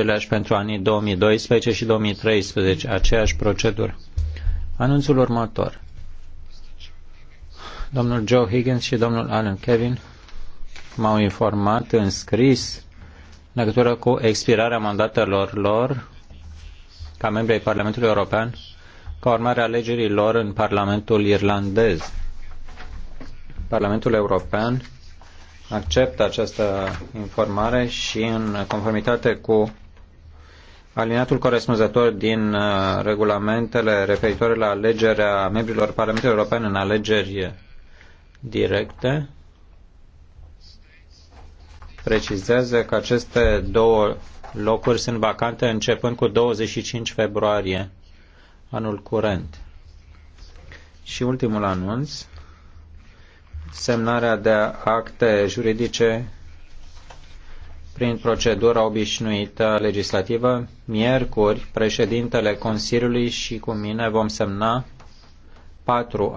aceleași pentru anii 2012 și 2013, aceeași procedură. Anunțul următor. Domnul Joe Higgins și domnul Alan Kevin m-au informat în scris în legătură cu expirarea mandatelor lor ca membri ai Parlamentului European ca urmare a alegerii lor în Parlamentul irlandez. Parlamentul European acceptă această informare și în conformitate cu Alineatul corespunzător din uh, regulamentele referitoare la alegerea membrilor Parlamentului European în alegeri directe precizează că aceste două locuri sunt vacante începând cu 25 februarie anul curent. Și ultimul anunț, semnarea de acte juridice prin procedura obișnuită legislativă. Miercuri, președintele Consiliului și cu mine vom semna patru